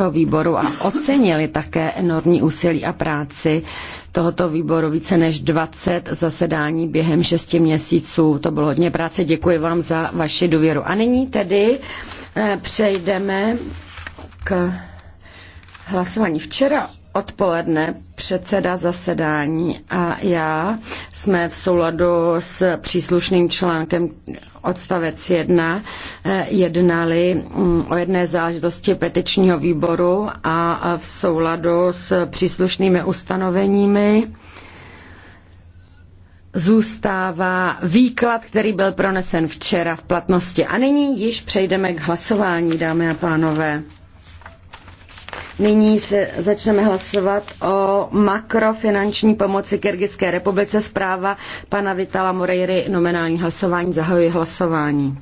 Evropského výboru a ocenili také enormní úsilí a práci tohoto výboru více než 20 zasedání během 6 měsíců. To bylo hodně práce, děkuji vám za vaši důvěru. A nyní tedy eh, přejdeme k hlasování. Včera odpoledne předseda zasedání a já jsme v souladu s příslušným článkem odstavec 1 eh, jednali mm, o jedné záležitosti petičního výboru a v souladu s příslušnými ustanoveními zůstává výklad, který byl pronesen včera v platnosti. A nyní již přejdeme k hlasování, dámy a pánové. Nyní se začneme hlasovat o makrofinanční pomoci Kyrgyzské republice. Zpráva pana Vitala Morejry, nominální hlasování. Zahajuji hlasování.